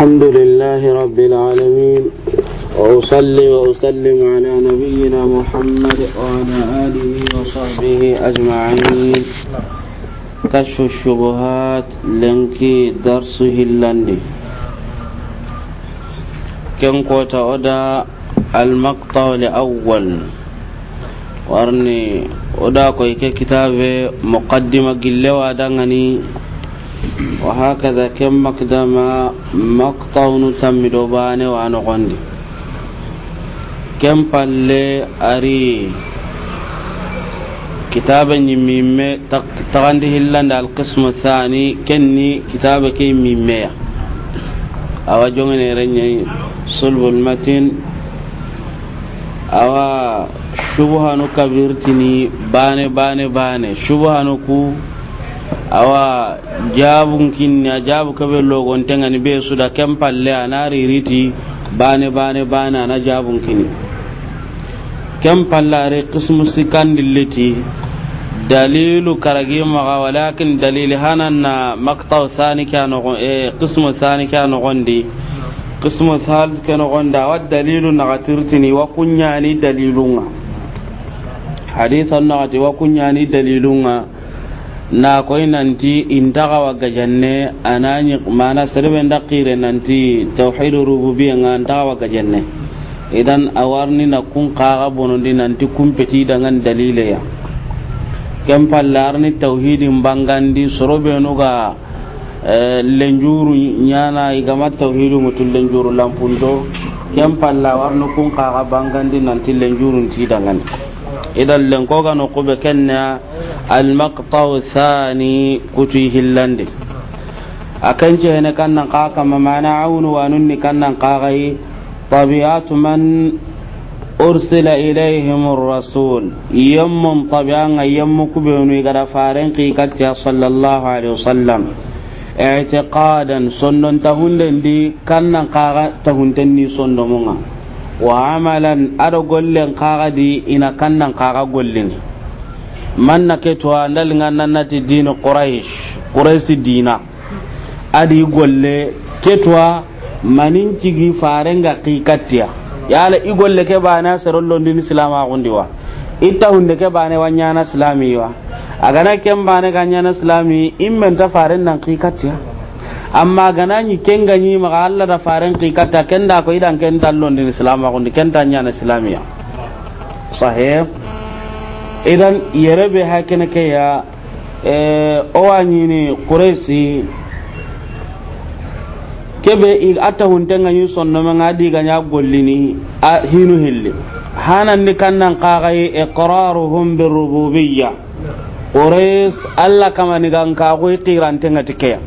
الحمد لله رب العالمين وأصلي وأسلم على نبينا محمد وعلى آله وصحبه أجمعين كشف الشبهات لنكي درسه اللندي كم قوت أدى المقطع الأول وأرني أدى كتاب مقدمة قلة ودنني Waxaa kese kem mag damaa mag ta'uun tammi dho baane waa noqonni. Kee mpale Ari kitaaba ni mimee ta taghandii hin laandaal kasuma saani kenni kitaaba kee mimeeya. Awaa jooge na yore nyaaŋ. Sool bul mattiin awaa baane baane baane shubuu kan ku. awa jabun kinna jabu kabe logon tengani be suda kem palle ana ririti bane bane bane na jabun kini kem pallare qismu sikandilliti dalilu karagi maga walakin dalili hananna maqta thani kano e qismu thani di gondi qismu thal kano gonda wa dalilu nagatirtini wa kunyani dalilunga hadithan nagati wa kunyani dalilunga na koy nanti intaxa wa gajanne anani mana serebe nda qire nanti tawhid rububiyya nga ntaxa wa gajanne idan awarni na kun qaxa bonondi nanti kumpeti dangan ya ken pallarni tauhidin bangandi sorobenuga eh, lenjuru nyana igama tauhidu mutul lenjuru lampundo ken palla kun qaxa bangandi nanti lenjuru ti dangani idan lenko ga no kube kenya al maqtaw thani kuti hillandi akan ce ne kannan ka kama wa nunni kannan ka gai man ursila ilaihim rasul yammun tabi'an yammu kubenu ga faren ki katiya sallallahu alaihi wasallam i'tiqadan sonnon tahundendi kannan ka tahuntenni sondomunga wa amalan ado gollen kaga di ina kannan kaga gollen man na ke to andal ngannan nati dinu quraish quraish diina adi golle ke to manin cigi farenga qikatiya yaala i golle ke baana bana sarollo din islama gondiwa itta hunde ke baana nyaana silaamii islamiwa agana ken bane ganyana islami immen ta faren nan qikatiya amma gana ni ken ga ni ma Allah da faran ki kata da ko idan ken dallon din islam ko ken kenta nya na islamiya sahih idan yerebe hakene ke ya eh o owani ni quraysi kebe ata huntenga ni sonno ma ngadi ga nya gollini a hinu hilli hanan ni kannan qagai iqraruhum birububiyya quraisi alla kama ni gan ka ko tirantenga tikeya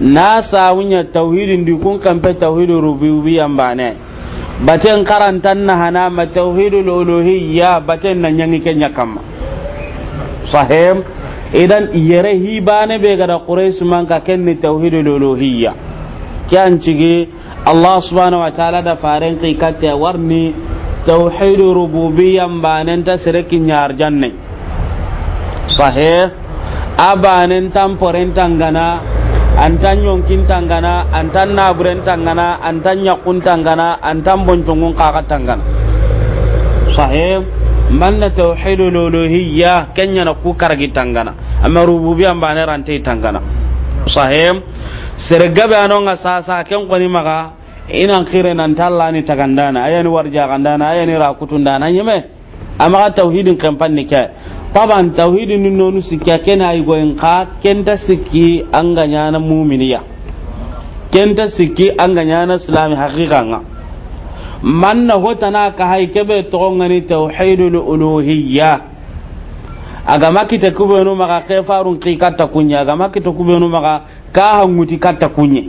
na sawunya tauhidin di kun kampe tauhidu rububiyyan ne baten karantan na hana ma tauhidul uluhiyya baten nan yangi kenya kama sahem idan yere hi bane be gada quraish man ka kenni tauhidul uluhiyya kyan cige allah subhanahu wa ta'ala da faran kai katta warni tauhidu rububiyyan ne ta sirkin yar janne sahih abanen tamporen tangana antan yonkin tangana antan naburen tangana antan yakun tangana antan boncongun kaka tangana sahib manna tauhidul uluhiyya kenya na ku karagi tangana amma rububiyya bane rante tangana sahib sergabe anonga sasa ken koni maga inan kire nan tallani tagandana ayani warja gandana ayani rakutundana nyeme amma tauhidin kan panni kai taban tauhidin nun nonu sikya kena ay goyen ka kenta sikki an ganya na mu'miniya kenta sikki an ganya na islami haqiqanga manna hotana ka hay kebe to ngani tauhidul uluhiyya aga makita kubenu maga kefarun ki kunya aga makita kubenu maga ka hanguti katta kunye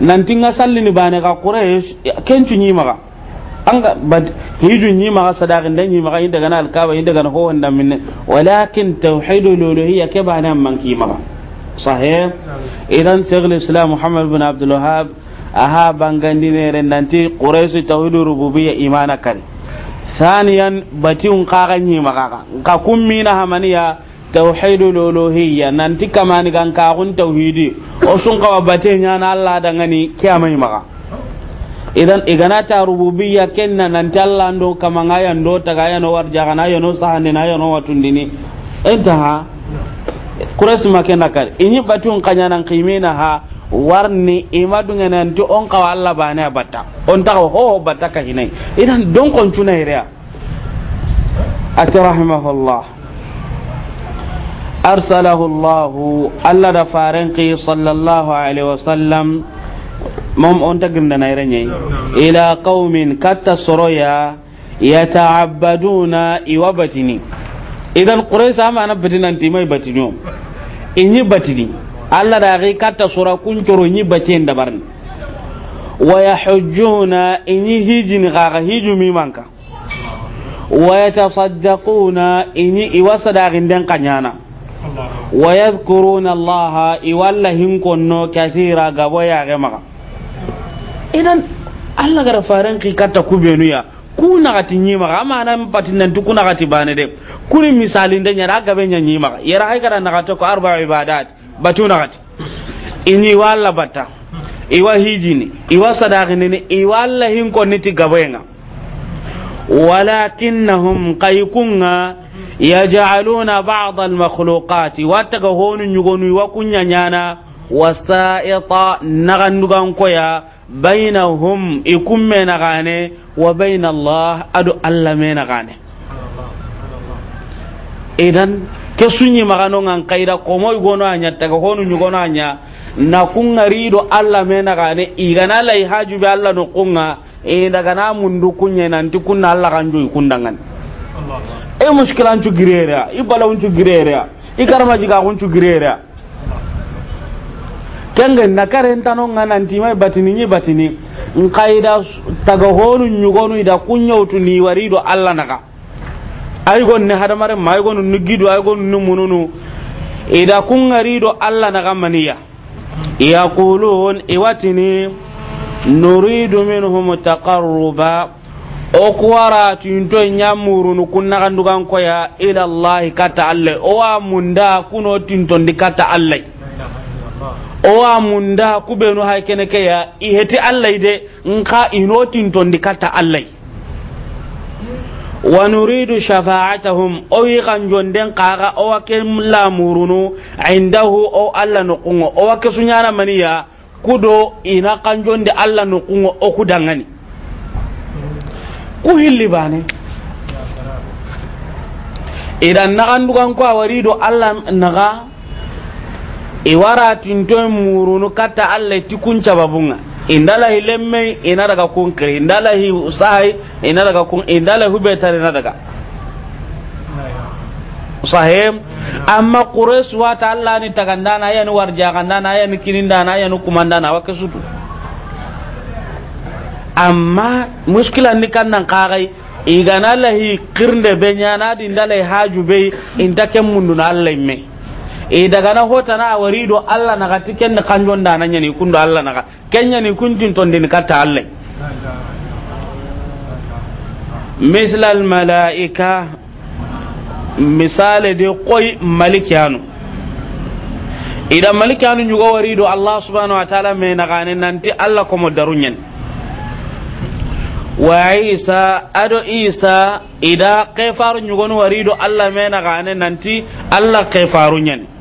nanti nga sallini bane ka quraish nyi anga bad hijun yi ma sadaqin dan yi ma kai daga na alkaba yi daga na ho wanda min walakin tauhidul uluhiyya ke ba nan man ki ma sahih idan shaykhul islam muhammad bin abdul wahhab aha bangandi ne ren ti quraish tauhidur rububiyya imana kare thaniyan batun qaga ma ka ka kummina hamaniya tauhidul uluhiyya nanti kamani gan ka kun tauhidi o sun ka batenya na allah dangani kiyamai maka idan iganata rububiyya kenna nan talla do kama ayan do taga ayan no warja kana ya no sahane na ya no watundini entaha kurasi makena kar inyi batun kanya nan qimina ha warni imadu ngana to on kawa Allah bane abata on ta ho ho batta ka hinai idan don kon tuna irea atrahimahullah allah Allah ألا دفارنقي صلى الله عليه mam on ta girnda na iranye ila qaumin katta soroya yata'abbaduna batini idan quraysa ma na batina timai batino inyi batini Allah da ga katta sura kun toro nyi batin da barni wa yahujjuna inyi hijin ga ga hiju mi manka wa yatasaddaquna inyi iwasa da gindan kanyana wa yadhkuruna Allah iwallahin konno kathira gabo ya ga maka idan allah gara faran ki katta kubenu ya ku naxati ñimaxa amana patinanti ku ga bane de kuni da nyara a benya nyima ñimaxa yara ai gara naxate ko arba ibadat batu naxati iñi wa allah bata iwa hijini iwa ni iwa allah hinkonniti gaboyenga walakinnahum qaykunga yaj'aluna ba'd al-makhluqati wa honu ñugonu iwa na wasaita naxandugan koya bainahum ikum mena gane wa baina Allah adu Allah mena gane idan ke sunyi magano ngan kaida ko moy gono anya taga honu nyugono anya na kunga rido Allah mena gane igana lai haju be Allah no kunga e daga na mundu kunya nanti kunna Allah kanju kundangan e muskilan cu girera i balawun cu girera i karma jiga kun cu girera kengen na kare nga nanti ntima e batini ni batini nkaida taga honu nyugonu ida kunyautu ni warido alla naka ay gon ne hadamare may gon nu gidu ay gon nu mununu ida kungarido alla naka maniya yaqulun iwatini nuridu minhum taqarruba o kuwara tinto ñamurunu kunnagandugan koya ila llahi kata alle owa munda kuno ndi kata allai owa munda kubenu hay kene ke ya iheti allah de nka inotin tondi kata allah wa nuridu shafa'atahum o yi kan jonden kaga o wa ke lamurunu indahu o allah no kungo o wa ke sunyana maniya kudo ina kan jonde allah no kungo o kudangani ku hilli bane idan nagan dugan ko awari do allah naga iwara tintoy murunu kata allah tikun cababunga babunga indalahi lemme ina daga kun kiri indalahi sahi ina daga kun indalahi hubetar ina daga sahim amma quraish wa ta allah ni tagandana yani warjagandana yani kinindana yani kumandana wa kasutu amma muskila ni kannan kagai igana lahi qirnde be nyana di ndalai haju be inta mundu munduna allah me e daga na hota na wari do Allah na gati ken kan jon da nan yani kun do Allah na ken yani kun tin ton din ta Allah misla al malaika misale de koy malikiyanu idan malikiyanu nyugo wari do Allah subhanahu wa ta'ala me na nan nanti Allah ko mo darunyen wa isa ado isa ida kefaru ñugonu warido allah na gane nanti allah kefaru ñani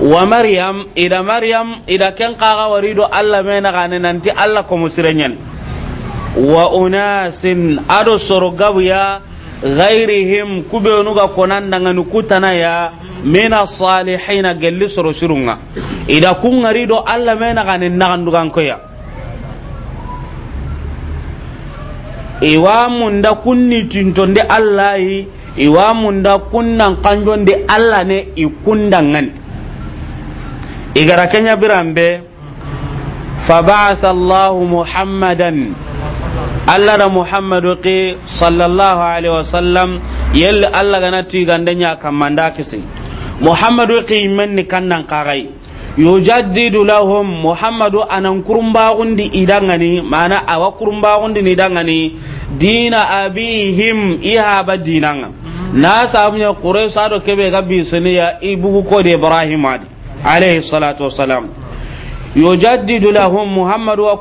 wa maryam ida maryam ida ken qaga warido alla mena gane nanti allah ko musirenyen wa unasin ado soro gabuya ghairihim kubenu ga konan daga nukutana ya mina salihina gelli soro shirunga ida kun ngarido allah mena gane nagandugan koya iwa munda kunni tintonde allahi iwa munda kunnan kanjonde allah ne ikundangan igara kenya birambe fabasa allahu muhammadan allah da muhammadu ki sallallahu alaihi wasallam yalla allah gana tigandanya kamanda kisi muhammadu ki menni kannan kagai yujaddidu lahum muhammadu anan gundi idangani mana awa kurumbagundi ni dangani dina abihim iha ba dinanga na samunya quraysh ado kebe gabi bisani ya ibugu ko de ibrahim adi alayhi salatu wassalam yujaddidu lahum muhammadu wa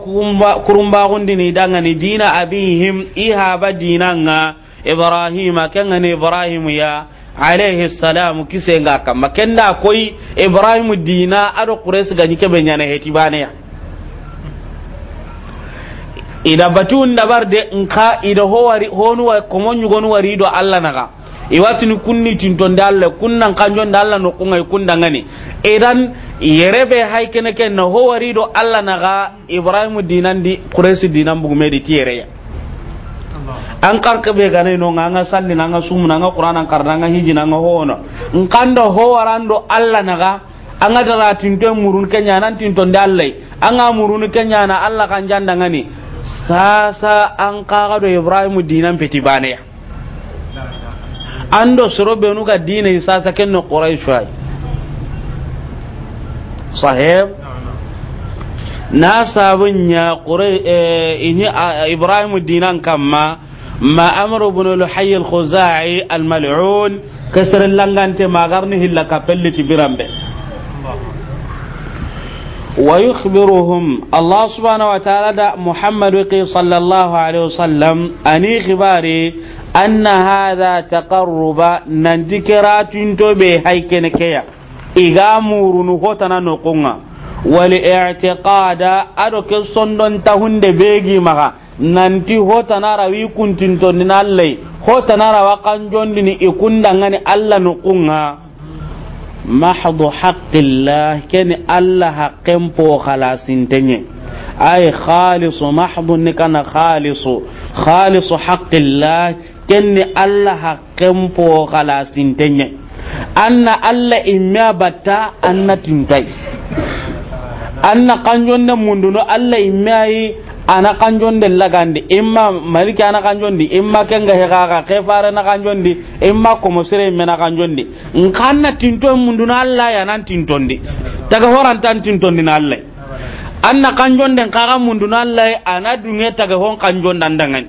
kurumba gundini dangani dina abihim iha ba dinanga ibrahima kengani ibrahim ya alayhi salam kisenga kamma kenda koy ibrahim dina ado quraysh gani kebe nyana heti bane ya ida batun dabar de nka ida ho wari do allah naga iwatini kunni tinton dalla kunnan kanjon dalla no kungai kundangani idan yerebe haikene ken na ho warido alla naga ibrahimu dinandi quraysi dinan bugumedi tiyere ya an karka be gane no nga nga salli nga sumu nga qur'an an karna nga hiji nga hono nkanda ho warando alla naga anga dara tinton murun kenya nan tinton an anga murun kenya na alla kan janda ngani sasa an kaga do ibrahimu dinan peti bane ya ando soro benu ga dina hisasa ken no quraish ay sahib na sabun ya qurai eh, ini ah, ibrahim dinan kamma ma amru ibn al-hayy al-khuzai al-mal'un kasr langante magarni hilla kapelli tibirambe ويخبرهم الله سبحانه وتعالى محمد صلى الله عليه وسلم أني خباري anna hadha taqarruba nan dikiratin to be haikene kaya iga murunu hotana no kunga wal i'tiqada ado ke sondon ta hunde begi nan nanti hotana rawi kuntin to ninalle hotana rawa kanjondi ni ikunda ngani alla no kunga mahdu haqqillah ken alla haqqen po khalasintenye ay khalisu mahdu ni kana khalisu khalisu haqqillah kenni allah haqqen po kala sintenye anna allah imma batta anna tintai anna kanjonde munduno allah imma yi ana kanjonde lagandi imma maliki ana kanjondi imma kenga hekaka ke fara na kanjondi imma komo sire mena kanjondi nkanna tinto munduno allah ya nan tintondi taga horantan tintondi na allah anna kanjonde kaga munduno allah ana dunge taga hon kanjondan dangani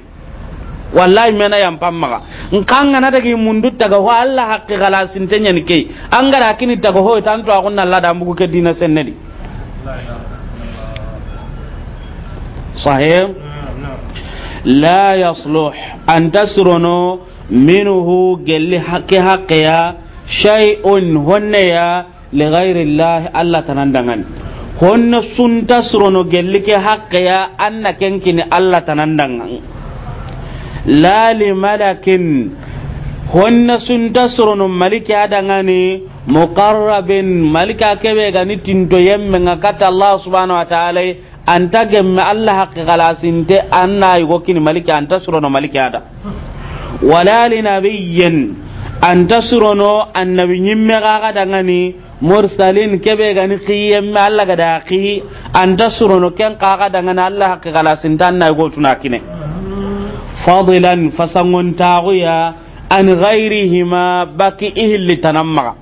wallahi mena yam pammaga nkanga ngana daga mundu daga ho Allah haqqi galasin tanya ni angara kini daga ho tan to agunna Allah da muku ke dina sennedi sahih la yasluh an tasrunu minhu gelli haqqi haqqiya shay'un honne ya li ghairi Allah Allah tanandangan honne sun tasrunu gelli ke haqqiya anna kenkini Allah tanandangan la li malakin honna sunta soronum maliki adangani muqarrabin malika kebe gani tinto yemme nga kata allah subhanahu wa ta'ala anta gemme allah haqqi galasinte anna yugo kini maliki anta sorono maliki ada wala li nabiyyin anta sorono annabi nyimme gaga dangani mursalin kebe gani qiyemme allah gada qi anta sorono ken qaga dangani allah haqqi galasinte anna yugo kine. fadilan fasangon taguya an ghairihima baki ihilli tanammaga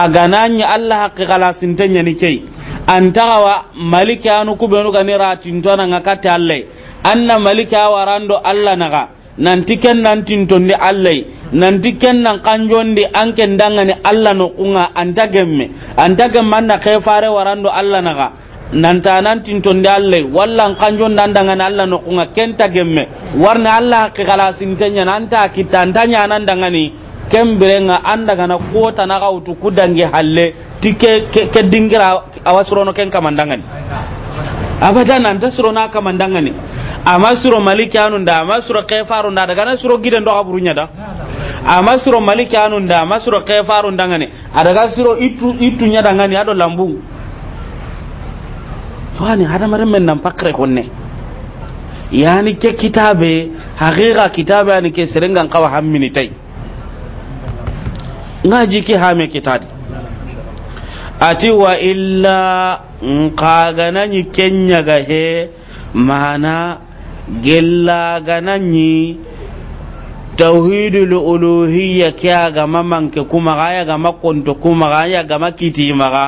a gananya allah haqqi kalasintenya ni kei antagawa malika anu kubenu gani ratintona nga kate anna malika warando allah naga nanti ken nan tintondi allai nanti ken nan kanjon kanjondi anken dangane allah nokunga kunga antagemme antagemme gemme anna kefare warando allah naga nanta nan da allah walla n kanjon dandangani allah nokunga kenta gemme warni allah hakki kalasintenya anta kitta anta ñanan dangani kembirenga andagana kotana kawutu kudange halle ti ke, ke, ke dingira awa sirono ken kamandangani abadan anta sirona kamandangani ama siro maliki anunda ama da, kefarunda adagana siro giden do kaburunya da ama siro maliki amma ama siro da ngani adaga siro itu itunya ngani ado lambung fani hadamaren men nan pakre konne yani ke kitabe haqiqa kitabe yani ke serengan kawa hammini tai ngaji ki hame kitadi ati wa illa nkagananyi kenyaga he mana gellagananyi tauhidul uluhiyya kya ga mamanke kuma ga ya ga makonto kuma ga ya ga makiti maga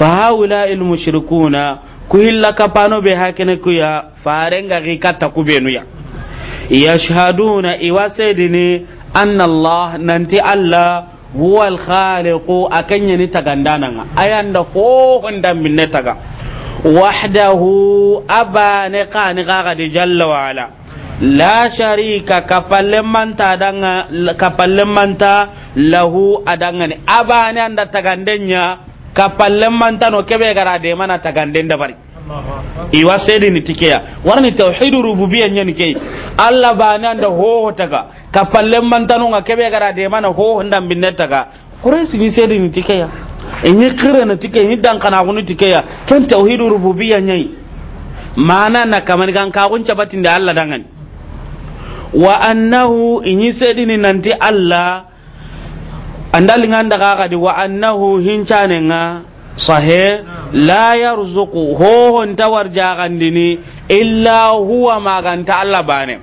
fa haula al mushrikuna ku kapano be hakene kuya farenga gi katta kubenuya yashhaduna iwasedini anna allah nanti allah huwa alkhaliqu akanya ni tagandana nga ayanda ho honda minne taga wahdahu abane qani gaga di jalla wa ala la sharika kapalle manta adanga kapalle manta lahu adanga ni abane anda tagandenya kapallen mantano kebe gara de mana taganden da bari iwa sedi ni tikeya warni tauhidu rububiyya nyen ke alla bana da ho taga kapallen mantano nga kebe gara de mana ho ndam binne taga quraysi ni sedi ni tikeya enye kire na tikeya ni dan kana kunu tikeya kan tauhidu rububiyya nyai mana na kamar gan ka kun batin da Allah dangan wa annahu inyi sedi ni nanti Allah andal nganda ga di wa annahu hincane nga sahe la yarzuqu ho hon tawar jagandini illa huwa maganta Allah bane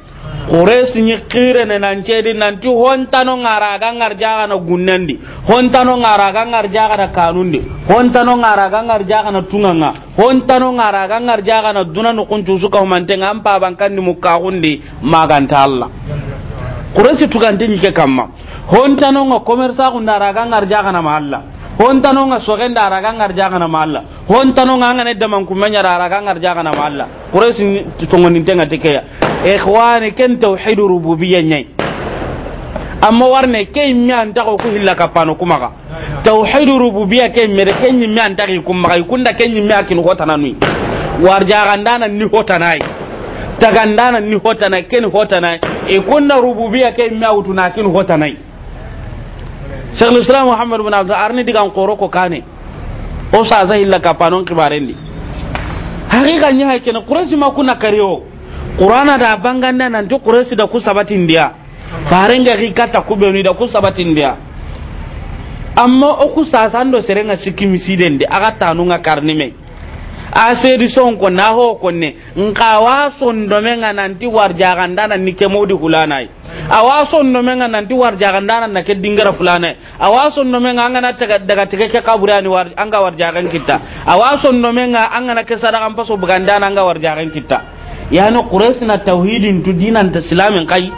kuresi ni kire ne nan cedi nan ti hontano ngara ga ngar jaga na gunnandi hontano ngara ga ngar jaga na kanundi hontano ngara ga ngar jaga na tunganga hontano ngara ga ngar jaga na dunanu kuncu suka humante ngampa bankan ni mukahundi maganta Allah kuresi tuganti ni ke kamma hontanonga commerçaxunda araga ngarjaxana ma allah hontanonga sogenda araga ngarjaxana ma allah hontanonga angane damankumeñada araga ngarjaxana ma allah quraysi togonintenga ti keya ixwani ken tauhid rububiya nyai amma warne ke me antaxo ku hilla kappano kumaxa tawhidu rububiya ke mede ke ñimme ko kuma i kunda ke ñimme a kin jaga ndana ni hotanayi tagandana ni hotanay ken hotanay e kunna rububiya ke me a wutunakin hotanay Sheikh Islam Muhammad bin Abdul Arni digan koro ko kane o sa sai illa ka panon kibaren ni hakika ni hakken da bangan nan nan to Quraysh da ku sabatin dia faren ga kata ku beni da ku sabatin amma o ku sa san do serenga sikimi siden de aga tanu nga karni mai. a seedi son ko naho ko ne nkawa son do me nga nanti war jaganda nan ni kemodi hulanai awason no menga nanti war jagandana na ke dingara fulane awason no menga angana daga daga tege ke kaburani war anga war jagan kita awason no menga angana ke sadakan paso bugandana anga war jagan kita yani quraysh na tauhidin tu dinan ta islamin kai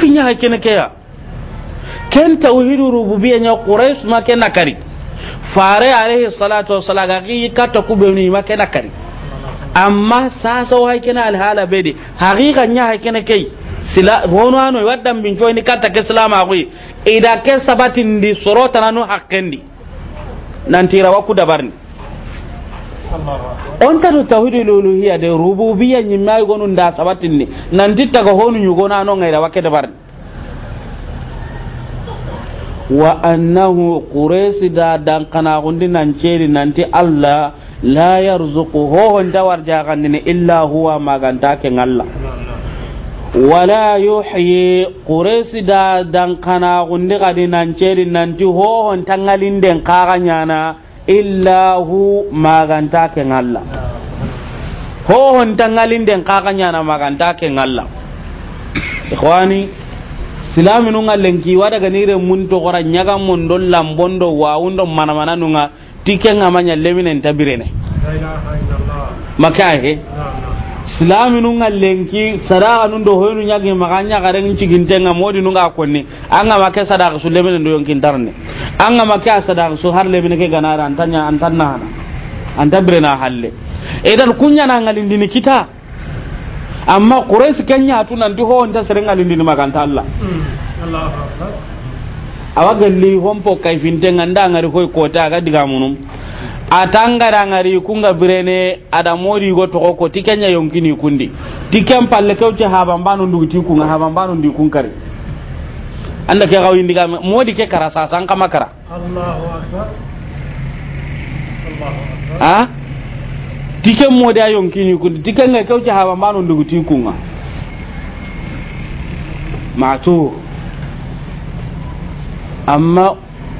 finya hakene ke ya ken tauhidu rububiyya ne quraysh ma ken nakari fare alaihi salatu wassalam ga ki kata kubeni ma ken nakari amma sasa wa kina alhala bedi haqiqa ya hakina kai sila wono ano waddan bin joini kata ke salama ko ida ke sabatin di sorota nanu hakkendi nan tira wa ku dabarni on ta do tawhidul uluhiyya de rububiyya nyimma gonu nda sabatin ni nan titta go honu nyugo nano ngaira wake ke dabarni wa annahu quraysi da dan nanti allah la yarzuqu ho honta warja ganni illa huwa maganta ken allah wala yuhyi quraysi da dan kana gundi nanti ho ta ngalinden kaga nyana illa hu maganta ken allah ho honta ngalinden kaga nyana maganta ken allah silami nunga lenki wada ga nire mun to gora nyaga mun do lambon do wawun mana manamana nunga tike nga manya lemine ntabirene makahe silami nunga lenki sadaka nundo do hoynu nyagi maganya garen ciginte nga modi nunga konni anga make sadaka su lemine ndo yonkin darne anga make sadaka su har lemine ke ganara antanya antanna antabire na halle idan kunya na ngalindini kita amma quraish ya tunan di ho nda serenga lindi ni maganta allah hmm. awa galli po kai finte nganda ngari koy kota ga diga munum da ngari nga birene ada mori go to ko tikenya yonkini kundi tikem palle kewce habambano ndugu tikunga habambano ndi kare anda ke gawi ndiga modi ke kara sasan kama kara allahu akbar allahu akbar ah tiken mo da yonki ni kun tiken ne kauce haban banu ndugu ma mato amma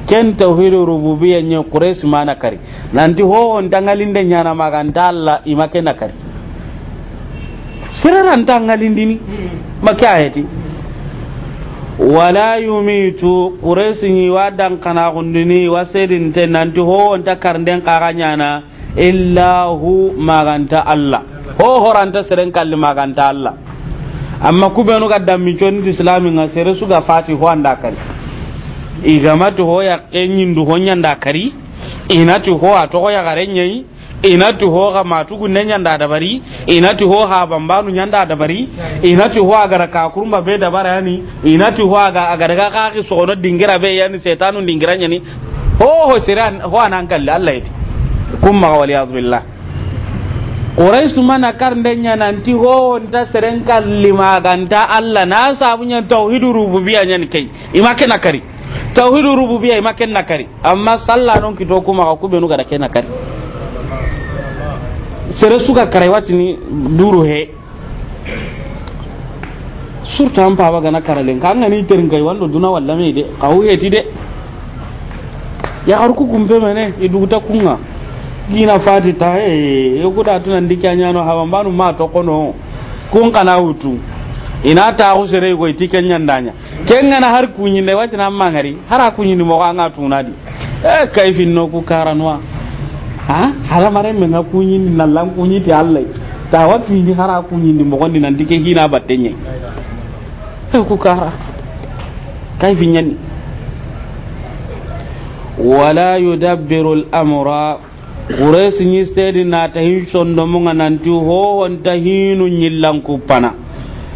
ken tauhidu rububiyya ne na kare nan di ho on dangalin da nyana maganta Allah imake na kare siraran dangalin dini maka ayati wala yumitu quraish ni wadan kana gundini wasedin te nanti ho on takarnden kaga na. illa hu maganta allah ho horanta seren kalli maganta allah amma kubenu ga dammi di islami nga sere ga fati ho anda kari igamati ho ya ndu ho nyanda kari inati ho ato ho ya ina inati ho ga matugu ne nyanda dabari inati ho ha bambanu nyanda dabari inati ho ga ka kurumba be dabara yani inati ho ga ga ga ka ki sono dingira be yani setanu dingira yani ho ho sere ho anan kalli Allah yati kum ma azbillah billah su mana karndenya nanti ho nta serenka lima ganta allah na sabu sabunya tauhidu rububiyya nyan kai imake na kari tauhidu rububiyya imake na kari amma sallah non kito kuma ka kube nu ga da kai na kari sere suka karai wati ni duru he surta an paba gana karalen ka ngani terin kai wando duna wallame me de kawu ti de ya arku kumpe mene ta kunga kina fati ta e kuda tunan dikya nyano hawa banu ma to kono kun kana hutu ina ta ku sere go itiken nyandanya kenga na har kunyi ne wati na mangari har kunyi ni mo anga tunadi e kaifin no ku karanwa ha hala mare men na kunyi ni na lan kunyi ti Allah ta wati ni har kunyi ni mo gondi nan dike hina battenye e ku kara kaifin nyani wala yudabbiru al-amra quraysh ni sedi na ta hin sondo mun nanti ho on ta hinu nyillan kupana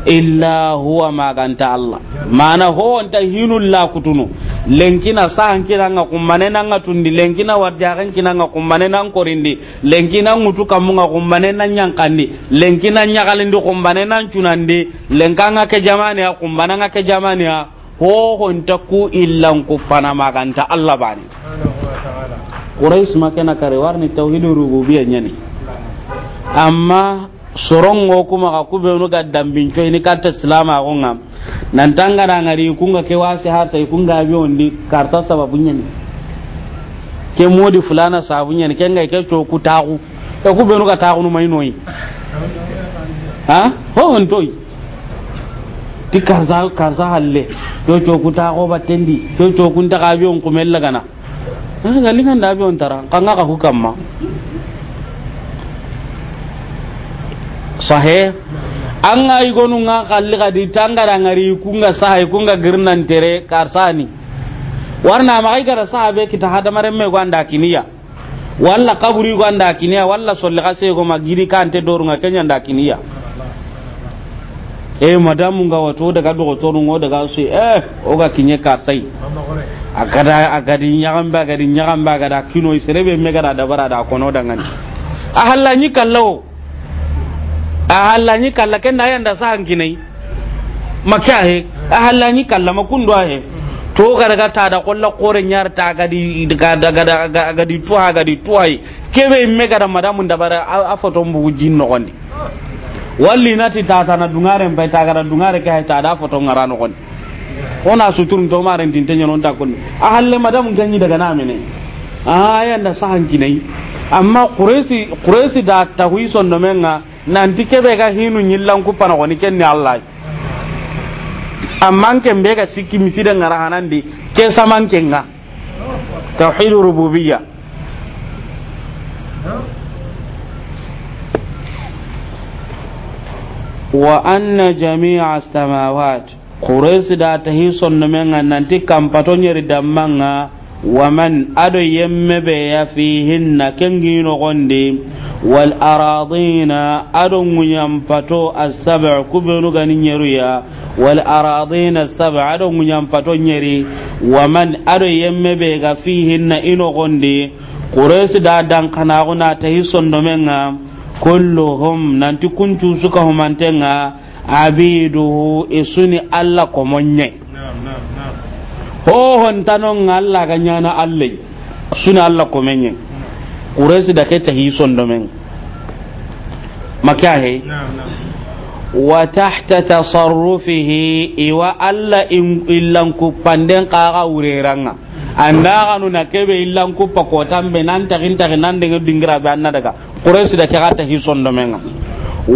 illa huwa maganta allah mana ho on ta hinu la kutunu lenkina sahan kina nga kummane na nga tundi lenkina warjagan kina nga kummane na korindi lenkina ngutu kamu nga kummane na nyankandi lenkina nyakalindi kummane na cunandi lenka nga ke jamani ya kummana nga ke jamani ya ho honta ku illan kupana maganta allah bani quraish makena kare warni tauhid rububiyya nyani amma sorongo kuma ka no ga dambinco ini katta salama gonga nan tanga na ngari kunga ke wasi har sai kunga bi ondi karta sababu nyani ke modi fulana sabu nyani ke ngai ke choku taku ka no ga taku no mainoi ha ho on toy ti karza karza halle to choku taku batendi to choku ta ga bi kumella kana na ga lingan da biyon tara kanga ka hukam ma sahe an ga gonu nga kalli ga di tangara ngari nga sahe nga girnan tere karsani warna ma kai gara sahabe ta hada mare me gwanda kiniya walla kaburi gwanda kiniya walla solli ka sego magiri kante dorunga kenya da kiniya eh madamu nga wato daga doktorun wo daga su eh o ga kinye ka sai agada agadi nyagam ba di nyagam ba da kino isrebe me gada da bara da kono dangan a halla ni kallo a halla ni kalla ken da yanda sa an kinai makahe a halla ni kalla makundo ahe to garga ta da kolla kore nyar ta di daga agadi tuwa agadi tuwa kebe me gada madamu da bara a foton bugu jin no gondi walli nati tata na dungare mbai tagara dungare ka ta da foto ngarano kon ona suturun to mare din tanya non ta kon a halle madam ganyi daga na mene a ya da sahan kinai amma quraisi quraisi da tahwi son no menga nan tike be ga hinu nyillan ku pana woni kenni allah amma ke be ga sikki misida ngara hanandi ke saman kenga tauhidur rububiyyah wa anna jami'a samawat quraysh da ta hin sonno men nanti kampato nyeri damanga wa man ado yemme be ya fihinna kengino gonde wal aradina ado munyam pato as-sab'a kubenu gani ya wal aradina as-sab'a ado munyam pato nyeri wa man ado yemme be ga na ino gonde quraysh da dan kana gona ta hin sonno men kulluhum nanti kuncu suka humantenga abiduhu isuni alla ho hohon tanon alla ga nyana alle suni alla menye kuresi da kai tahi men makahe wa tahta tasarrufihi iwa alla illan ku panden qaga wureranga anda anu na kebe illan ku pa kotan be nan ta ginta nan de dingira be anna daga quraish da ta ta hison do menga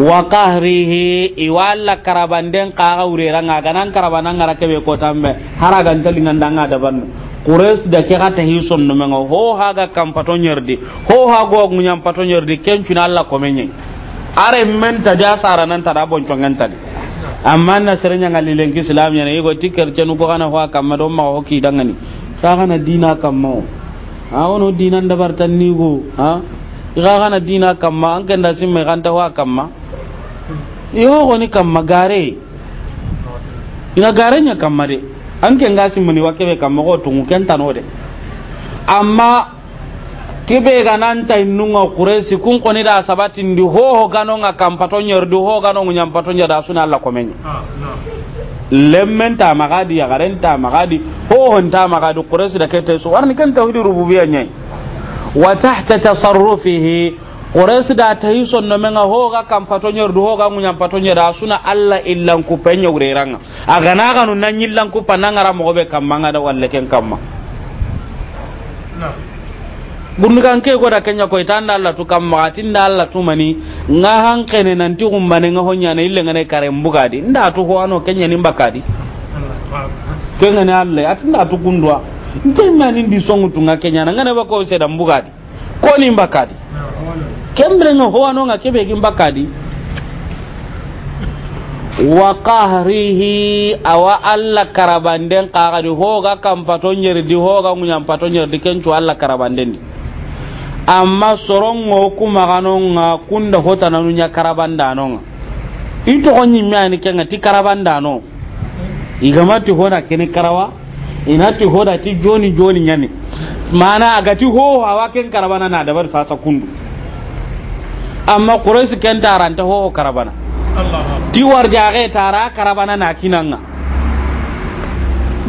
wa qahrihi iwalla karabanden qaga urera ngaga nan karabanan ngara kebe kota be haragan talingan danga ban quraish da ke gata hison do menga ho ha ga kam pato nyerdi ho ha go ngu nyam pato nyerdi ken na allah ko menyen are men ta ja sara nan ta da bon chongan amma na serenya ngalilen islam yana yigo tikar cenu ko kana ho kam ma do ma ho ki dangani kagana dina kamma a wono dina dabar tan nigo ha kagana dina kamma an kanda sin mai kanta wa kamma iyo wani kamma gare ina garenya kamma de an ken ga sin muni wakebe kamma ko tungu kenta no de amma kebe ga nan ta nunga kuresi kun koni da sabatin di ho ho gano nga kampato nyer ho gano nyam pato nyer da suna Allah komenya lemmen ta magadi ya garen ta magadi ho hon ta magadi quraysh da kai su warni kan tauhid rububiyya nyai wa tahta tasarrufihi quraysh da tayi sonno men ho ga kam patonyor du ho ga munyam patonyor da suna alla illan ku penyo gureranga agana ga nun nan yillan ku ra mo be kam manga da walle ken kamma burni kan ke da kenya ko itanda Allah to kam magati nda Allah to mani nga han kene nan ti gum bane nga honya na ille ngane kare mbugadi nda to ho ano kenya ni mbakadi to ngane Allah atinda to gundwa nte mani ndi songu to nga kenya ngane ba ko se da mbugadi ko ni mbakadi kembre nga ho ano nga kebe gi mbakadi wa qahrihi awa alla karabanden kagadi hoga kam pato nyerdi hoga munyam patonyer di kencu alla karabanden ni amma sorongo ku maganonga kunda hotananu nya karabandanonga into ko nyimme ani kenga ti igama ti hona kini karawa Ina ti hoda ti joni joni nyani mana ti ho hawa ken karabana na dabar sasa kundu amma quraish ken taranta ho karabana ti ga tara karabana na kinanga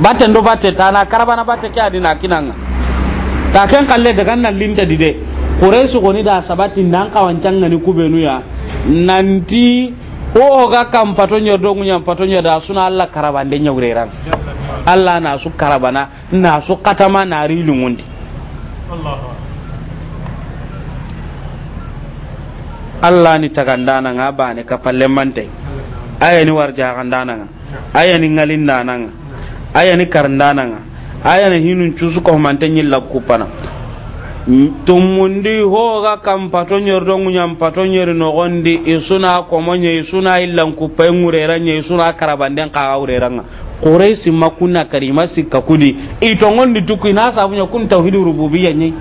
batten bate batte tana karabana batte kya na kinanga ta ken kalle daga nan linta dide quraisu goni da sabati nan kawancan ngani kubenu ya nanti ko ga kam patonyo dongu nyam patonyo da suna Allah karabande nyawreran Allah na su karabana na su katama na rilungundi Allah ni tagandana nga ba ne ka palle mante aya ni warja gandana nga aya ni ngalindana nga aya ni karndana nga aya na hinun cusu ko mante nyilla kupana tumundi ga kam pato nyordo ngunyam pato nyeri no gondi isuna ko monye isuna illan kupai ngurera ranye isuna karabanden ka aurera ranga quraisi makuna karima sikka kudi itongondi tukui nasa bunya kun tauhid rububiyya nyi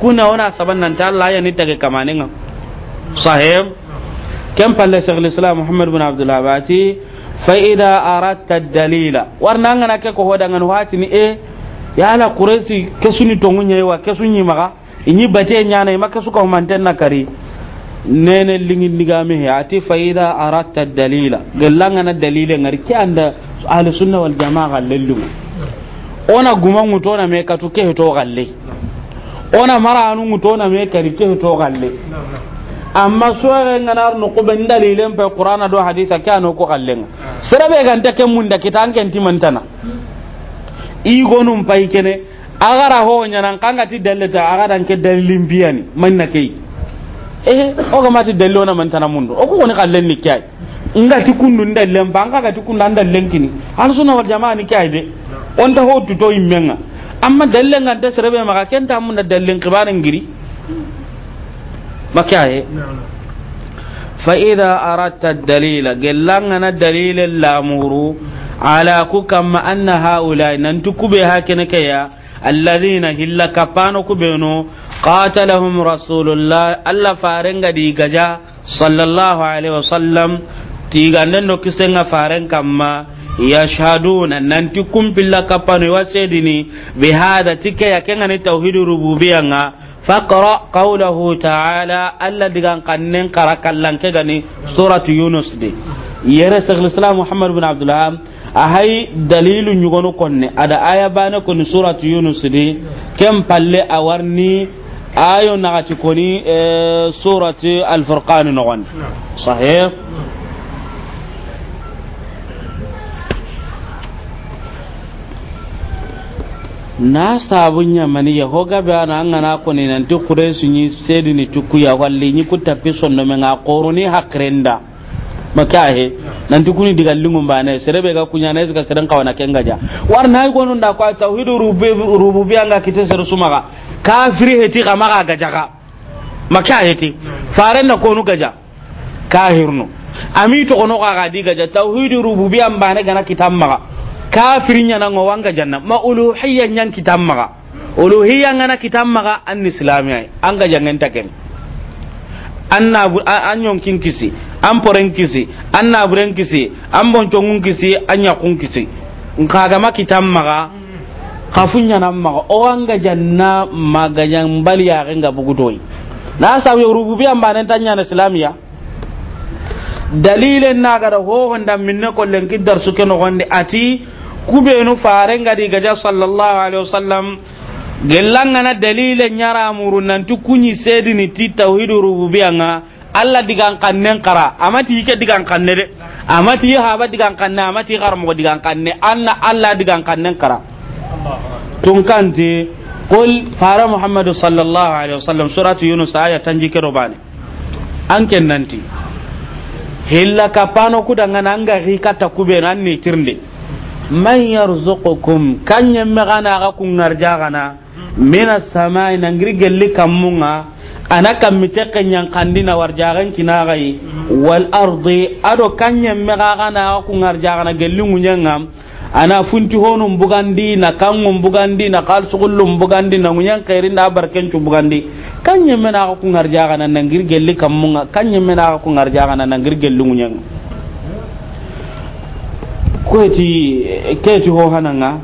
kuna ona saban nan ta Allah ya ni tage nga sahib kem palle shaykhul islam muhammad bin abdullah bati fa idha aratta dalila warna ngana ke ko hoda ngana wati ni e yala quraysi kesuni tongunya wa suni maga inyi bate nyana ma kesu suka manten na kari nene lingin digame he ati fa idha aratta dalila gallanga na dalile ngari ke anda ahli sunna wal jamaa lallu ona guma nguto na me katuke to galle ona mara anu nguto na me kari ke to galle amma soore ngana arno ko ben dalilen pe qur'ana do hadisa kano ko sere be gan take mun da kitan ken timantana i gonum pai kene agara ho nyana kanga ti dalleta agara ke dalilin biyani man na kai eh o ga mati dallo na man tana mundo o ko woni kallen ni kai nga ti kundu dallen ba nga ga ti kundu dallen kini an suna wal jama'a ni kai de on ta ho to immenga amma dallen ga ta be maka kenta mun da dallen qibaran giri fa'ida fa idha dalila gellanga na dalilin lamuru ala ku kamma anna haula nan tukube hakene ya alladhina hilla kapano kubeno qatalahum rasulullah alla farenga di gaja sallallahu alaihi wasallam tiganden do kisenga faren kamma yashhaduna nanti kumpilla kapano wasedini bihada tike yakengani tauhidu rububiyanga faqra qawlahu ta'ala alla digan kannen kara ke gani suratu yunus de yere shaykhul islam muhammad bin abdullah ahai dalilu nyugonu konne ada aya bana kon suratu yunus de kem palle awarni ayo nagati koni suratu al-furqan sahih na sabun ya mani ya hoga gabe ana an na ko ne nan kure su ni sedi ni tuku ya walli ni tafi son no men a ni hakrenda makahe nan duk kuni diga lingum bane serebe ga kunya ne, suka sedan kawana ken gaja war na ko nun da ko tauhidu rububiyya ga kite ser sumaga kafiri heti ga maga ga makahe ti heti faran na ko nu gaja kahirnu ami to kono ga diga ja tauhidu rububiyya ne ga na maga. kafirin yana ngo wanga janna ma uluhiyya nyan kitam maga uluhiyya ngana kitam maga an islamiya an ga jangan taken anna an kin kisi an poren kisi an naburen kisi an boncongun kisi an kun kisi ga ma kitam maga kafun yana maga o an ga janna magajan bali ya ga bugudoyi na sa sawe ba banen tanya na islamiya dalilin na gara hohon da minne kollen kiddar suke no gonde ati kubenu farengadi gaja sallallahu alaihi wasallam gellangana dalile nyara muru nan tu kunyi sedini ti tauhid rububiyya nga alla digan kanne kara amati yike digan kanne de amati haba digan kanne amati garmo digan kanne anna alla digan kanne kara tun kanti qul fara muhammadu sallallahu alaihi wasallam suratu yunus aya tanji kero bane anken nanti hilla kapano kudangana anga hikata kubena anni tirnde man yarzuqukum kanye magana ga kun narja gana mina samai nan girgelli kamunga ana kan mite kanyan kandina warjagan kinagai wal ardi ado kanye magana ga kun narja gana gelli munyanga ana funti honum bugandi na kangum bugandi na kal sugullum bugandi na munyan kairin da barken cu bugandi kanye mena ga kun narja gana nan girgelli kamunga kanye mena ga kun narja gana nan girgelli munyanga kweti keti ho hananga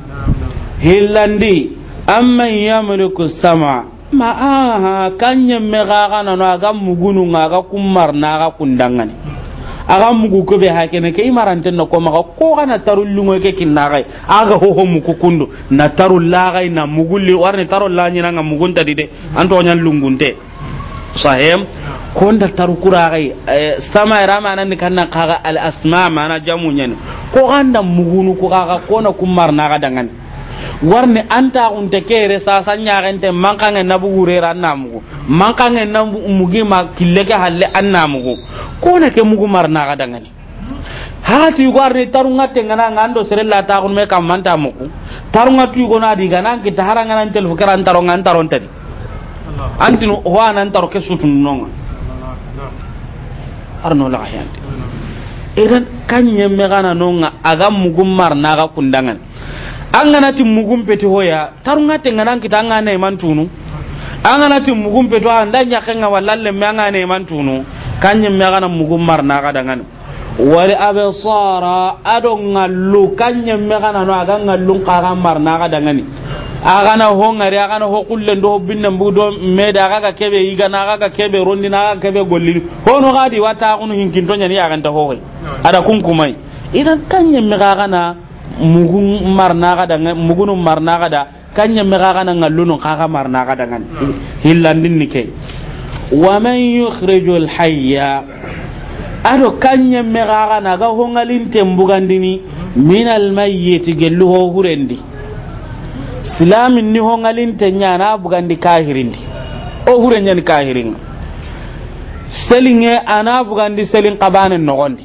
hillandi amman yamliku sama ma aha kanye me na no aga mugunu ngaga na aga kundangani aga mugu ko be hakene ke imarante no ko maga ko kana tarullu ke kinnaga aga ho ho muku kundu na tarullaga na mugulli warne tarulla nyina nga dide anto sahim kon da taru kuragai sama ira ma nan kan nan kaga al asma ma na jamunyan ko ganda mugunu ko kaga ko na kumar na ga dangan warne anta unte kere sa sanya mankange gente mankanga nabu gurera namugo mankanga nabu mugi ma killega halle an annamugo ko na ke mugu mar na ga dangan hati yugarni tarunga te ngana ngando serella ta kun me kam manta muku tarunga tu gona di ganan kita haranga nan telfukaran tarunga taron tadi antin ho anan taro ke sutun non arno la hayande idan kanye me gana non aga mugum mar na ga kundangan an gana tin mugum pete hoya tarunga te ngana kita ngana e mantunu an gana ti mugum pete an danya kenga wallalle me ngana e mantunu kanye me gana mugum mar na ga dangan wali absara ado ngallu kanye me gana no aga ngallun qaga mar na ga dangani agana hongari agana ho kullen do binnen bu do mede aga kebe igana aga kebe na aga kebe gollini hono gadi wata kunu hinkin to nyani aganta hoye ada kunkumai idan kanye mi gagana mugun marna da mugun marna da kanye mi agana ngallunu kaga marna da ngan hillandin nike wa man yukhrijul hayya ado kanye mi gagana ga hongalin tembugandini min mm-hmm. al mayyit gellu ho hurendi islamin ni hongalin ta nyana kahirin di o hure nyani kahirin selinge ana di selin qabanin gondi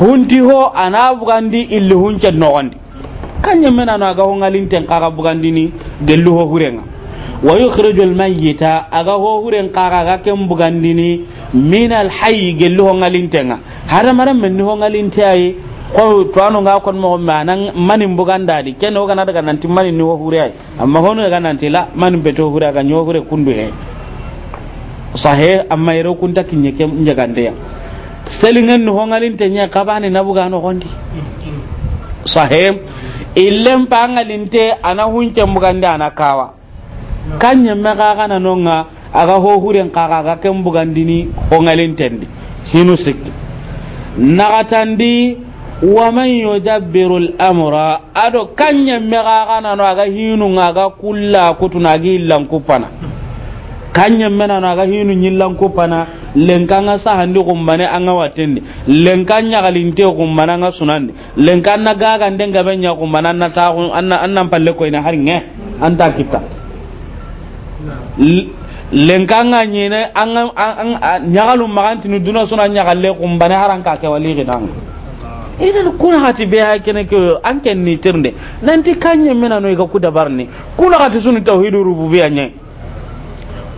hunti ho ana bugandi illi hunce gondi kanya mena no aga hongalin ten bugan di ni gelu ho nga wa yukhrijul mayyita aga ho nga qara ga bugan di ni min al hayy gelu hongalin tenga nga haramaram men ni hongalin tayi ko tuwanu nga kon mo manan manin buganda di ken o kana daga nanti manin ni wo hure ay amma hono daga nanti la manin beto hure ga nyo hure kundu he sahe amma ero kun ta kinye kem njagande ya selingen ni hongalin tenya kabani na bugano gondi sahe illen pangalin te ana hunke buganda ana kawa kanye me ga kana nonga aga ho huren kaga ga kem bugandini hongalin tendi hinu sikki nagatandi wa man yudabbiru al-amra ado kanya mega kana no aga hinu ngaga kulla kutuna gillan kupana kanya mena no aga hinu nyillan kupana lenkanga sahandi kumbane anga watindi lenkanya galinte kumbana nga sunandi lenkanna gaga ndenga benya kumbana na ta anna anna palle ko ina har nge anta kita lenkanga nyine anga nyagalu magantinu duna suna nyagalle kumbane haranka ke wali gidanga idan kuna hati be kene ke an ken ni tirnde nanti kanye mena no ga kuda barni kuna hati sunu tauhidu rububiyya nye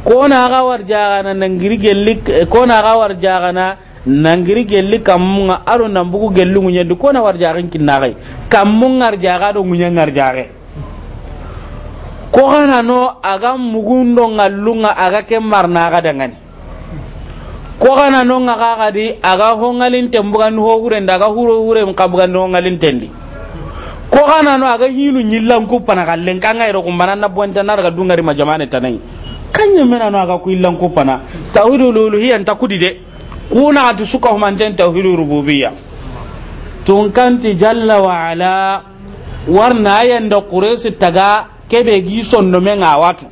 ko na ga war jagana nangiri gelli ko na ga war jagana nangiri gelli kamunga aro nambugu gelli ngunya ko na war jagan kinnagai kamunga jaga do ngunya ngar jage ko kana no aga mugundo ngalunga aga ke marna aga dangani ko gana non ga ga di aga ho ngalin tembugan ho hure ndaga huro hure non ngalin tendi ko gana no aga hilu nyillan ku pana kallen kanga ero kumbana na bonta na daga dungari ma majamane tanai kanya mena no aga ku illan ku pana tawhidul uluhiyya ta kudi de kuna atu suka ho manten tawhidul rububiyya tun kanti jalla wa ala warna da quraysi taga kebe gi sonno men a watu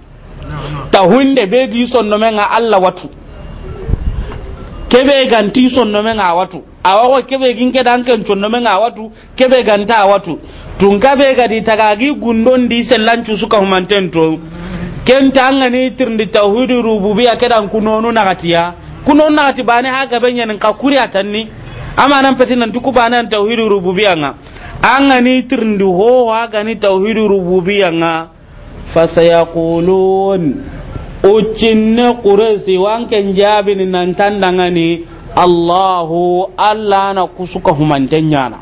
tahunde be gi sonno men a alla watu kebe ganti sonno men awatu awa ko kebe ginke dan kan sonno men awatu kebe ganta awatu tun kabe di tagagi gundon di sellan cu suka humanten to ken ni tirndi tauhid rububiyya kedan kunonu nagatiya kunonu nagati bane ha ga benyen ka kuri tanni ama nan peti nan duku bane an tauhid rububiyya nga an gani tirndi ho ga ni tauhid rububiyya nga fasayaqulun ucinne quresi wanken jabin nan tandangani allahu allah na kusuka humanten na?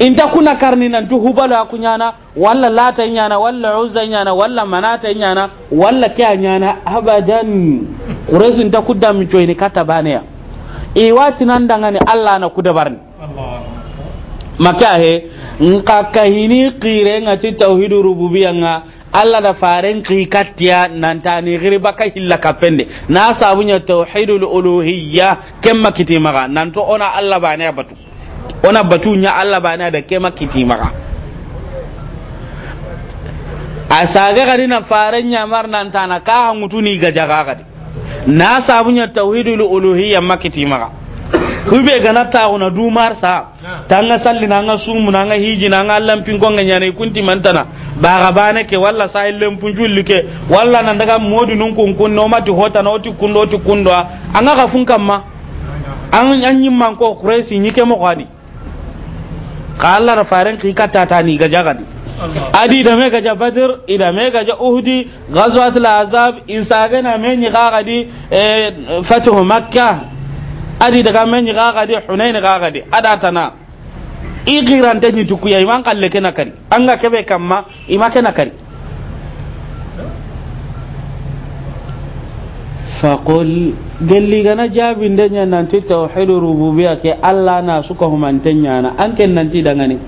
inta kuna karni nan tu hubalu aku na? walla lata nyana walla uzza nyana walla manata na? walla kya nyana abadan quresi inta kudda mi ne kata baneya iwati nan dangani allah na kudabarni maka he nka kahini qire nga ti tauhidu rububiyya nga Allah da farin kikatiya nan ta ni girba ka hilla kafende na sabunya tauhidul uluhiyya kemma maka nan to ona Allah ba ne batu ona batu nya Allah ba ne da kemma maka. a sage gari na faren mar nan ta na ka mutu ni ga jaga gadi na sabunya tauhidul uluhiyya maka. kube gana taxuna dumar sa tanga nga hiji na nga hijina anga nga ñanai kunti mantana baxa bane ke walla sahillen punculli ke walla nan daga modi nun kunkunne hota na oti kundo oti kundo a anga xa fun kamma an ñimmanko xuresi ñike moxoani ka allah ra faren ta ni ga jagani adi da me gaja badr ida me gaja uhudi ghazwat al azab in sagana me ni gagadi eh, fatuhu makkah adi daga menyi ni gaga di hunain gaga di ada tana igiran tanyi tukuya iman kalle kana kari an ga kebe kamma ima kana kari faqul gelli gana jabin da nya nan ti tauhid rububiyya ke alla na suka humantanya na an ken nan ti dangane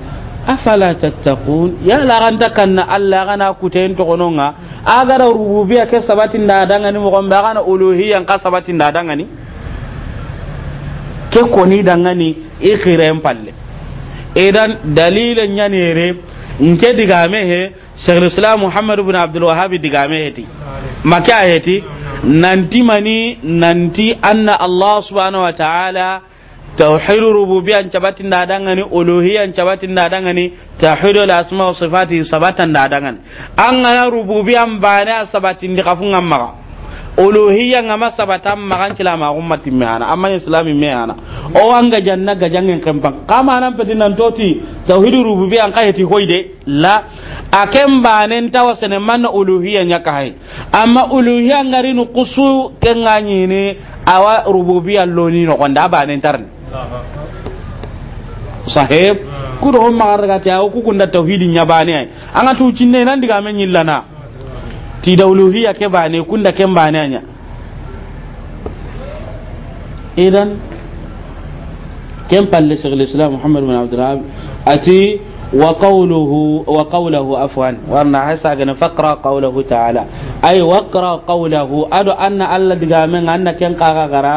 afala tattaqun ya la ganta kanna alla gana ku kuten to gononga aga rububiyya ke sabatin da dangane mo gon ba gana uluhiyya ka sabatin da dangane ke koni dangane ikire palle idan dalilin ya nere nke diga mehe shekaru islam muhammadu bin wahabi diga meheti a heti nanti mani nanti anna allah subhana wa ta'ala tauhid rububiyan cabatin da dangane uluhiyan cabatin da dangane ta al-asma wa sifati sabatan da dangane an gana rububiyan a sabatin di kafin amma uluhiyya ngama sabata magan cila ma umma timme ana amma islami me ana o anga janna ga jangen kampan kama nan peti nan toti tauhid rububiyya an kayati hoide la akem banen tawasene man uluhiyya nyaka hay amma uluhiyya ngari nu kusu kengani ne awa rububiyya loni no konda banen tarni sahib hmm. kudo ma garga ta ko kunda tauhidin yabane an atu cinne nan diga men yillana ti da ke bane kun da ken bane anya idan ken palle shaykhul islam muhammad bin abdul ati wa qawluhu wa qawluhu afwan warna hasa gana faqra qawluhu ta'ala ay waqra qawluhu ado anna allah diga men anna ken kaga gara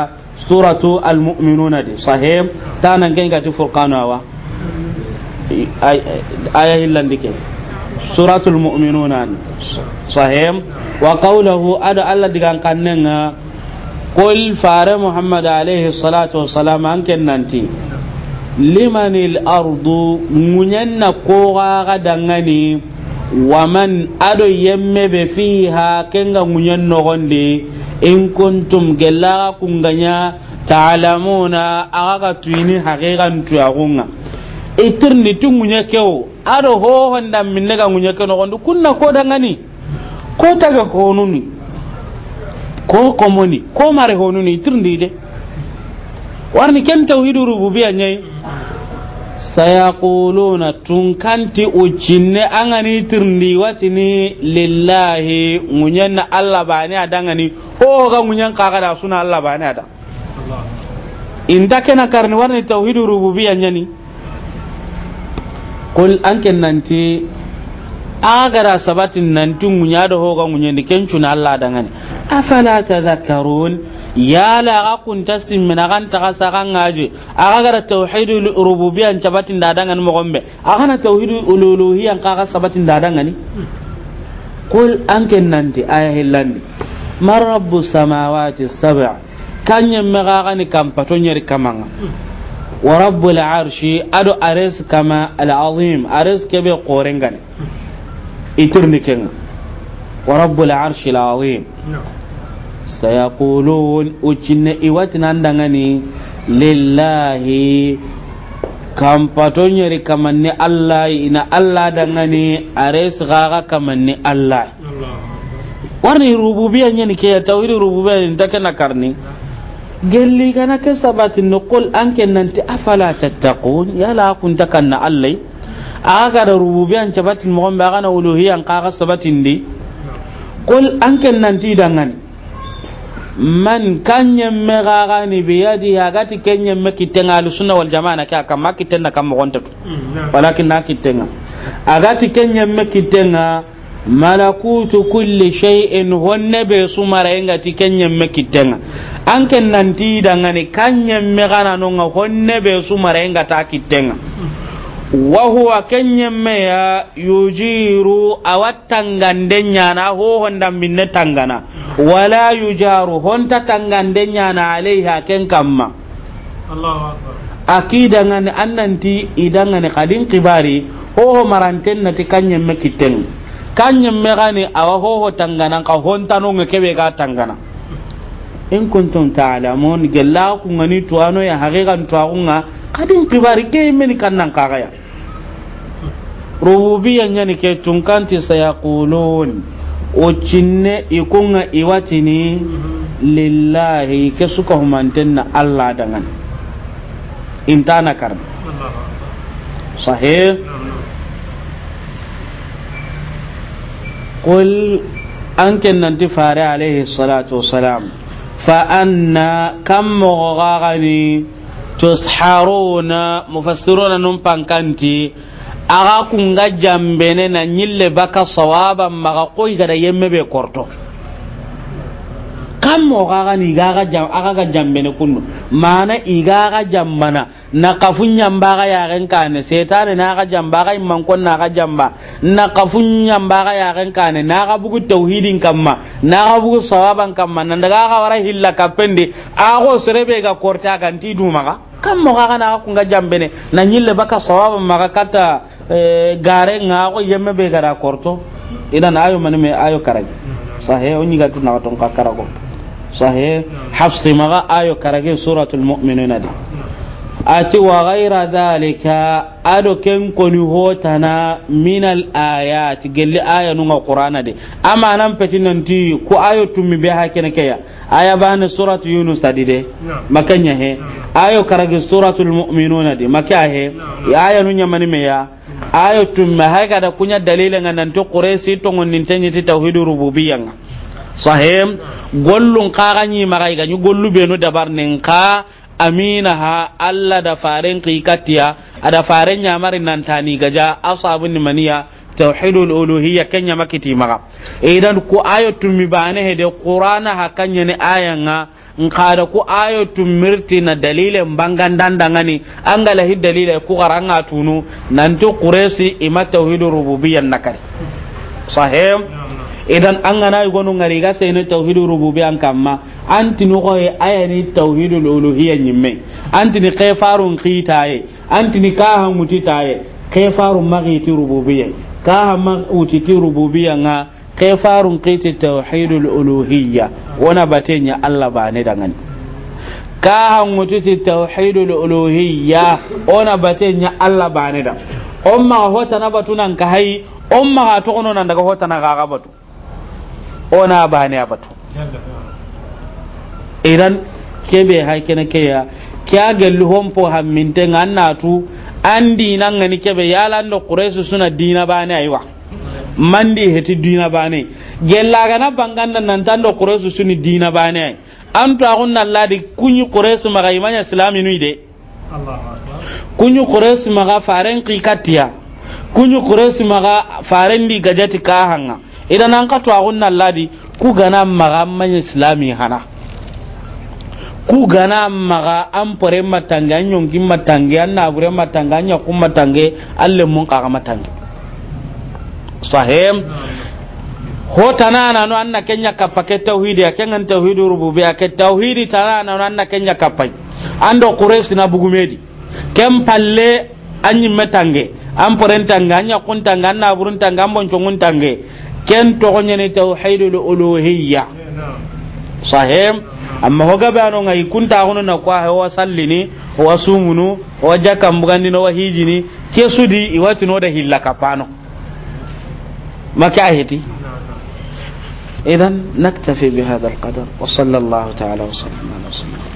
suratu almu'minuna di sahim tanan ken ga furqanawa ay ay suratul mu'minuna sahim wa qawluhu ada Allah digan kannenga qul fare muhammad alaihi salatu wassalam anken nanti limanil ardu munyanna ko ga dangani waman ado yemme be fiha kenga munyanno no gonde in kuntum gella kunganya ta'lamuna aga tuini haqiqan tuagunga ni tu ŋuɲe kewo aɗo hohonda minne ga ŋuɲe ke nogondi kunna ko dangani ko taga honuni ko komoni ko mare honuni ndi de warni ken tawhidu rububiya ñayi sayaquluna tun kanti uccinne angani ndi watini lillahi ngunya ŋuñenna allah bane adangani hohoga ŋuñen kagada suna allah bani ada inta kena karni warni tawhidu rububiya ñani kul anke nanti agara sabatin nanti munya da hoga munye ni kencu na Allah ngani afala tadhakkarun ya la akun tasim min agan ta kasakan ngaji agara tauhidul rububiyyan sabatin da dangan mo gombe agana tauhidul uluhiyyan ka sabatin da ni? kul anke nanti ayahillandi man rabbus samawati sab'a kanyen megagani kampato nyeri kamanga wa rabbul arshi adu ares kama al'azim ares kebe korengani itirni kenga wa rabbul arshi al'azim sayaqulun ucinne iwatina ndangani lillahi kampato nyeri kamanni allah ina allah dangani ares gaga kamanni allah warni rububiyya nyani ke tawhid rububiyya ndakena karni gelli gana ke sabati no qul an ken nanti afala tattaqun yala kun takanna allai aga da rububiyan sabatin mo gombe aga na uluhiyan qaga sabati di qul an ken nanti dangan man kanyen me gaga ni biyadi ya gati kanyen me kitenga sunna wal jamaa na ka kamma kitenna kam mo gonta mm, walakin na kitenga agati kanyen me kitenga malakutu kulli shay'in honne be sumara inga ti kenyen me kitenga an ken nan ti daga ne kanyen me kana no nga honne be sumara inga ta kitenga wa huwa kenyen me ya yujiru awatangandenya na ho honda minne tangana wala yujaru honta tangandenya na alaiha ken kamma Allahu akbar akida ngani annanti idangane kadin kibari ho maranten nati kanyen me kitenga kanyen megani a wahoho tangana ka hontano nga kebe ga tangana in kuntum ta'lamun gella ku ngani ano ya haqiqan nga kadin kibari ke men kannan kaga ya nya ne ke tunkanti sayaqulun o cinne ikunga iwatini lillahi ke suka humantenna allah dangan intana kar sahih qul an kennanti fare alayhi salatu wassalam fa anna kam mogogagani tusharuna mufassiruna num pankanti aga kunga jambene na ñille baka sawaban maga koy gada yemme be korto kam mo ni gaga jam aga ga jamme ne kunno mana igaga jammana na kafun yamba ga yaren kane setane na ga jamba ga imman kon na ga jamba na kafun yamba ga yaren kane na ga bugu tauhidin kamma na ga bugu sawaban kamma nan daga ga wara hilla kapende ago serebe ga korta ga ti dumaga kam mo ga na ku ga jambe ne na nyille baka sawaban maga kata e, gare nga ko yemme be ga korto idan ayo mani me ayo karagi sahe onyi ga tunna ton kakara ko صحيح حفص مغا ايو كرجي سورة المؤمنون دي اتي وغير ذلك ادو كن كوني هوتنا من الايات قال لي آية نونا قرآن دي اما أنا مفتين أنتي كو آيو تمي بها كنا كيا آية بان سوره يونس دي دي ما كان هي آيو كرجي سوره المؤمنون دي ما كان هي آية نونا مني ميا آيو تمي هكذا كنا دليل ان أنتو قريسي تونغن نتنيتي توحيد ربوبيا sahem gollun karanyi marai ganyu gollu benu dabar nin ka amina ha alla da faren qikatiya ada faren nyamari nan tani gaja asabun maniya tauhidul uluhiyya kenya makiti maga idan ku ayatun mi bane he de qur'ana ha kanya ne ayanga ku ayatun mirti na dalile bangan dandangani an gala hi dalile ku garanga tunu nan to quraisi ima tauhidul rububiyyan nakari sahim idan an gana gonu ngari ga sai ne tauhidul rububiyyan kamma anti no koy ayani tauhidul uluhiyya nyimme anti ni kayfarun qitaye anti ni kaha mutitaye kayfarun magiti rububiyya kaha magiti rububiyya nga kayfarun qiti tauhidul uluhiyya wana batenya allah ba ne dangan ka kaha mutiti tauhidul uluhiyya ona batenya allah bane da on maga hotana batunan ka hayi umma maga togono nan daga hotana ga batu ona ne a batu idan kebe haikene ke ya kya gelli hompo hamminte tu an dina ngani kebe da kuresu suna dina bane aiwa di heti dina bane nan banganna nantando quraisu suni dina ba ne an to agun nalladi kunyi quraisu maga imanya islami nui de kunyi quraisu maga faren qikatiya kunyi quraisu maga faren di gajati kahanga idan an ka tuwagun ladi ku gana maga man islami hana ku gana maga an fure matange an yonki matange an nagure matange an yakun matange an mun kaga matange sahim hotana na an na kenya kappa ke tauhidi a kengan tauhidi rububiya ke tauhidi tana na an na kenya kapai an do quraish na bugumedi ken palle an yimme tange an porentange an yakun tange an naburun tange an boncongun tange كن تغنيني توحيد الألوهية صحيح أما هو قبانو غي كنت أغنو نقواه وصليني وصومنو وجاكا مغنين وحيجيني كيسو دي إواتي نودة هلا كفانو ما كاهتي إذن نكتفي بهذا القدر وصلى الله تعالى وسلم على رسول الله